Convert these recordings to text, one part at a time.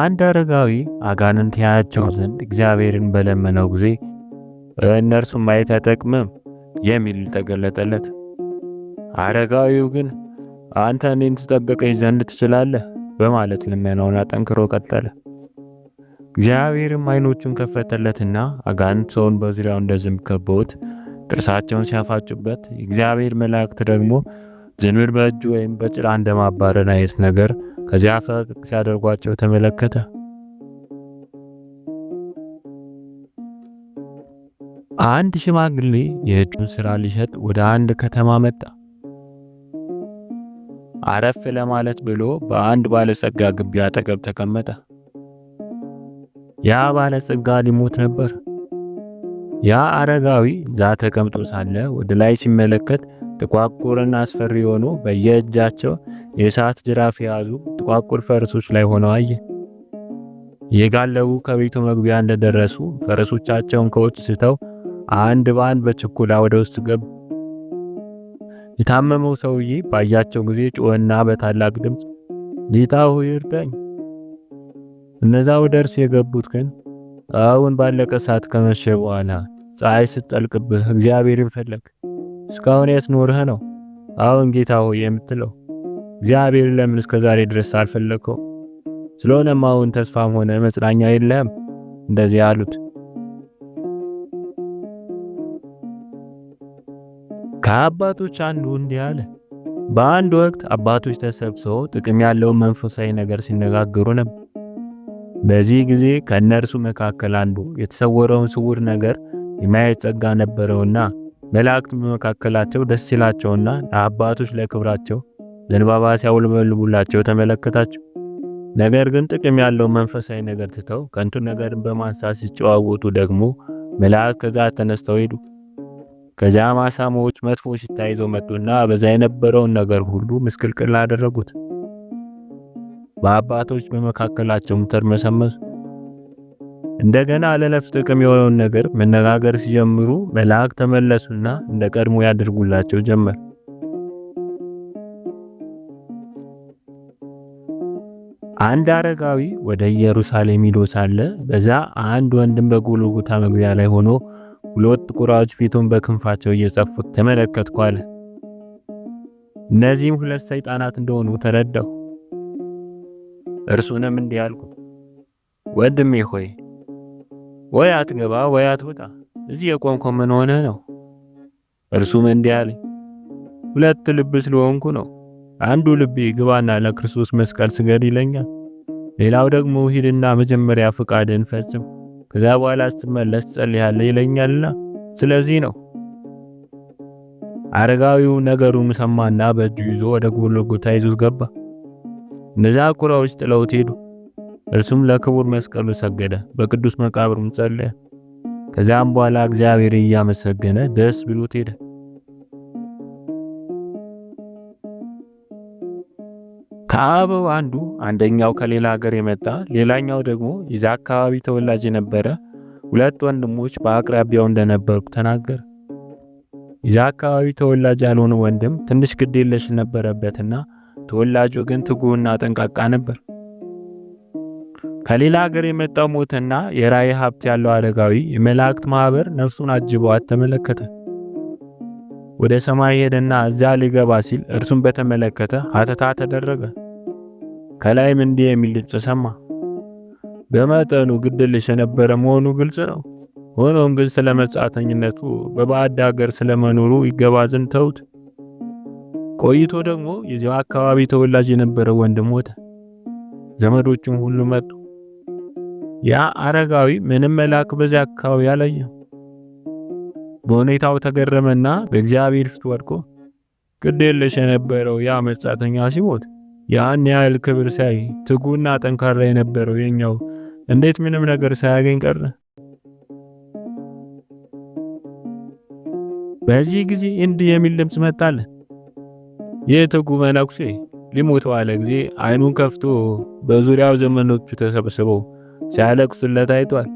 አንድ አረጋዊ አጋንንት ያያቸው ዘንድ እግዚአብሔርን በለመነው ጊዜ እነርሱ ማየት አይጠቅምም የሚል ተገለጠለት። አረጋዊው ግን አንተ እኔን ትጠብቀኝ ዘንድ ትችላለህ በማለት ልመናውን አጠንክሮ ቀጠለ። እግዚአብሔርም አይኖቹን ከፈተለትና አጋንንት ሰውን በዙሪያው እንደ ዝንብ ከበውት ጥርሳቸውን ሲያፋጩበት፣ የእግዚአብሔር መላእክት ደግሞ ዝንብን በእጁ ወይም በጭራ እንደማባረር አይነት ነገር ከዚያ ፈቅ ሲያደርጓቸው ተመለከተ። አንድ ሽማግሌ የእጁን ሥራ ሊሸጥ ወደ አንድ ከተማ መጣ። አረፍ ለማለት ብሎ በአንድ ባለጸጋ ግቢ አጠገብ ተቀመጠ። ያ ባለጸጋ ሊሞት ነበር። ያ አረጋዊ ዛ ተቀምጦ ሳለ ወደ ላይ ሲመለከት ጥቋቁርና አስፈሪ የሆኑ በየእጃቸው የእሳት ጅራፍ የያዙ ጥቋቁር ፈረሶች ላይ ሆነው አየ። የጋለቡ ከቤቱ መግቢያ እንደደረሱ ፈረሶቻቸውን ከውጭ ስተው አንድ በአንድ በችኩላ ወደ ውስጥ ገቡ። የታመመው ሰውዬ ባያቸው ጊዜ ጮኸና በታላቅ ድምፅ ጌታ ሆይ እርዳኝ። እነዛ ወደ እርስ የገቡት ግን አሁን ባለቀ ሰዓት ከመሸ በኋላ ፀሐይ ስትጠልቅብህ እግዚአብሔርን ፈለግ እስካሁን የት ኖርህ ነው አሁን ጌታ ሆይ የምትለው? እግዚአብሔር ለምን እስከ ዛሬ ድረስ አልፈለግከው? ስለሆነም አሁን ተስፋም ሆነ መጽናኛ የለህም እንደዚህ አሉት። ከአባቶች አንዱ እንዲህ አለ። በአንድ ወቅት አባቶች ተሰብስበው ጥቅም ያለውን መንፈሳዊ ነገር ሲነጋገሩ ነበር። በዚህ ጊዜ ከእነርሱ መካከል አንዱ የተሰወረውን ስውር ነገር የማየት ጸጋ ነበረውና መላእክት በመካከላቸው ደስ ይላቸውና አባቶች ለክብራቸው ዘንባባ ሲያውለበልቡላቸው ተመለከታቸው። ነገር ግን ጥቅም ያለው መንፈሳዊ ነገር ትተው ከንቱ ነገርን በማንሳት ሲጨዋወቱ ደግሞ መላእክት ከዛ ተነስተው ሄዱ። ከዚያ ማሳማዎች መጥፎ ሽታ ይዘው መጡና በዛ የነበረውን ነገር ሁሉ ምስቅልቅል አደረጉት። በአባቶች በመካከላቸውም ተርመሰመሱ። እንደገና ለነፍስ ጥቅም የሆነውን ነገር መነጋገር ሲጀምሩ መልአክ ተመለሱና እንደ ቀድሞ ያደርጉላቸው ጀመር። አንድ አረጋዊ ወደ ኢየሩሳሌም ሂዶ ሳለ በዛ አንድ ወንድም በጎልጎታ መግቢያ ላይ ሆኖ ሁለት ቁራዎች ፊቱን በክንፋቸው እየጸፉት ተመለከትኩ አለ። እነዚህም ሁለት ሰይጣናት እንደሆኑ ተረዳሁ። እርሱንም እንዲህ አልኩ፣ ወንድሜ ሆይ ወይ አትገባ ወይ አትወጣ፣ እዚህ የቆምኮ ምን ሆነ ነው? እርሱም እንዲህ አለኝ፣ ሁለት ልብ ስለሆንኩ ነው። አንዱ ልቤ ግባና ለክርስቶስ መስቀል ስገድ ይለኛል፣ ሌላው ደግሞ ሂድና መጀመሪያ ፍቃድን ፈጽም፣ ከዛ በኋላ ስትመለስ ትጸልያለህ ይለኛልና ስለዚህ ነው። አረጋዊው ነገሩን ሰማና በእጁ ይዞ ወደ ጎልጎታ ይዞት ገባ። እነዛ ቁራዎች ጥለውት ሄዱ። እርሱም ለክቡር መስቀሉ ሰገደ፣ በቅዱስ መቃብሩም ጸለየ። ከዚያም በኋላ እግዚአብሔር እያመሰገነ ደስ ብሎት ሄደ። ከአበው አንዱ አንደኛው ከሌላ ሀገር የመጣ ሌላኛው ደግሞ የዛ አካባቢ ተወላጅ የነበረ ሁለት ወንድሞች በአቅራቢያው እንደነበሩ ተናገረ። የዛ አካባቢ ተወላጅ ያልሆነ ወንድም ትንሽ ግዴለሽ ነበረበትና ተወላጁ ግን ትጉህና ጠንቃቃ ነበር። ከሌላ ሀገር የመጣው ሞተና የራእይ ሀብት ያለው አደጋዊ የመላእክት ማኅበር ነፍሱን አጅበዋት ተመለከተ። ወደ ሰማይ ሄደና እዚያ ሊገባ ሲል እርሱን በተመለከተ ሀተታ ተደረገ። ከላይም እንዲህ የሚል ድምፅ ሰማ። በመጠኑ ግድልሽ የነበረ መሆኑ ግልጽ ነው። ሆኖም ግን ስለ መጻተኝነቱ በባዕድ ሀገር ስለመኖሩ ይገባ ዘንድ ተውት። ቆይቶ ደግሞ የዚያው አካባቢ ተወላጅ የነበረ ወንድም ሞተ። ዘመዶቹም ሁሉ መጡ። ያ አረጋዊ ምንም መልአክ በዚያ አካባቢ አላየም። በሁኔታው ተገረመና በእግዚአብሔር ፊት ወድቆ ግድ የነበረው ያ መጻተኛ ሲሞት ያን ያህል ክብር ሳይ ትጉና ጠንካራ የነበረው የኛው እንዴት ምንም ነገር ሳያገኝ ቀረ? በዚህ ጊዜ እንዲህ የሚል ድምፅ መጣለ። ይህ ትጉ መነኩሴ ሊሞት ባለ ጊዜ አይኑን ከፍቶ በዙሪያው ዘመኖቹ ተሰብስበው ሲያለቅሱለት አይቷል።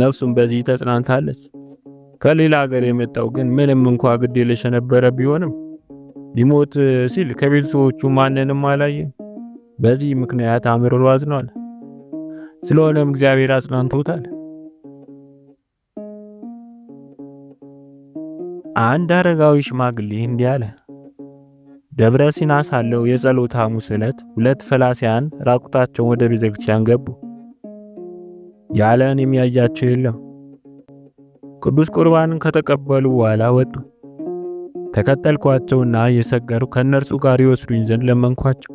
ነፍሱም በዚህ ተጽናንታለች። ከሌላ ሀገር የመጣው ግን ምንም እንኳ ግድ የለሽ የነበረ ቢሆንም ሊሞት ሲል ከቤተሰቦቹ ማንንም አላየም። በዚህ ምክንያት አምርሮ አዝኗል። ስለሆነም እግዚአብሔር አጽናንቶታል። አንድ አረጋዊ ሽማግሌ እንዲህ አለ። ደብረ ሲና ሳለው የጸሎት ሐሙስ ዕለት ሁለት ፈላሲያን ራቁታቸውን ወደ ቤተክርስቲያን ገቡ። ያለ የሚያያቸው የለም። ቅዱስ ቁርባንን ከተቀበሉ በኋላ ወጡ። ተከተልኳቸውና እየሰገሩ ከእነርሱ ጋር ይወስዱኝ ዘንድ ለመንኳቸው።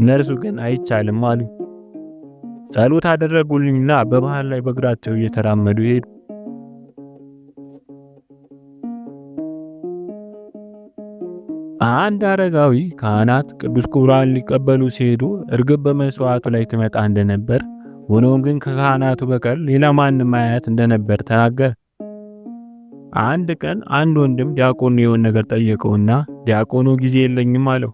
እነርሱ ግን አይቻልም አሉ። ጸሎት አደረጉልኝና በባህር ላይ በእግራቸው እየተራመዱ ሄዱ። አንድ አረጋዊ ካህናት ቅዱስ ቁርባን ሊቀበሉ ሲሄዱ እርግብ በመስዋዕቱ ላይ ትመጣ እንደነበር ሆኖም ግን ከካህናቱ በቀር ሌላ ማንም አያት እንደነበር ተናገረ። አንድ ቀን አንድ ወንድም ዲያቆኑ የሆነ ነገር ጠየቀውና ዲያቆኑ ጊዜ የለኝም አለው።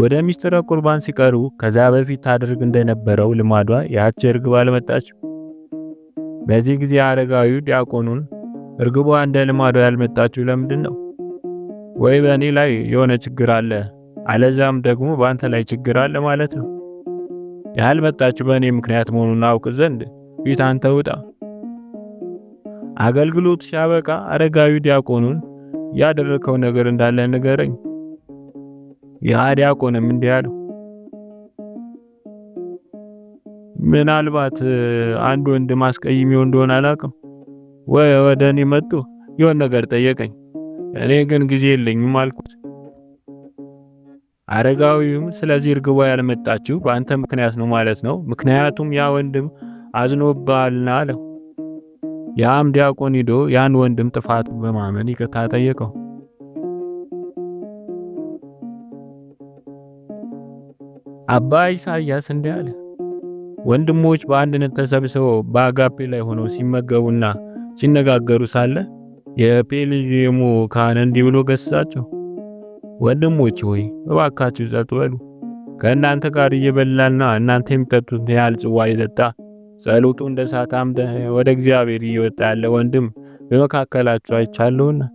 ወደ ሚስጥረ ቁርባን ሲቀሩ ከዛ በፊት ታደርግ እንደነበረው ልማዷ ያች እርግብ አልመጣችም። በዚህ ጊዜ አረጋዊው ዲያቆኑን እርግቧ እንደ ልማዷ ያልመጣችው ለምንድን ነው? ወይ በእኔ ላይ የሆነ ችግር አለ፣ አለዛም ደግሞ በአንተ ላይ ችግር አለ ማለት ነው ያልመጣችሁ በእኔ ምክንያት መሆኑን አውቅ ዘንድ ፊት አንተ ውጣ። ሲያበቃ አረጋዊ ዲያቆኑን ያደረከው ነገር እንዳለ ንገረኝ። ያ ዲያቆንም እንዲህ አለው፣ ምናልባት አንድ ወንድ አስቀይሜው እንደሆነ አላውቅም፣ ወደ እኔ መጥቶ የሆነ ነገር ጠየቀኝ። እኔ ግን ጊዜ የለኝም አልኩት። አረጋዊውም ስለዚህ እርግቧ ያልመጣችው በአንተ ምክንያት ነው ማለት ነው፣ ምክንያቱም ያ ወንድም አዝኖብሃልና አለው። ያም ዲያቆን ሂዶ ያን ወንድም ጥፋት በማመን ይቅርታ ጠየቀው። አባ ኢሳያስ እንዲህ አለ። ወንድሞች በአንድነት ተሰብስበው በአጋፔ ላይ ሆነው ሲመገቡና ሲነጋገሩ ሳለ የጴልዥየሙ ካህን እንዲህ ብሎ ገሳቸው። ወንድሞች ሆይ እባካችሁ ጸጥ በሉ። ከእናንተ ጋር እየበላና እናንተ የምጠጡት ያህል ጽዋ የጠጣ ጸሎቱ እንደ እሳት አምደ ወደ እግዚአብሔር እየወጣ ያለ ወንድም በመካከላችሁ አይቻለሁና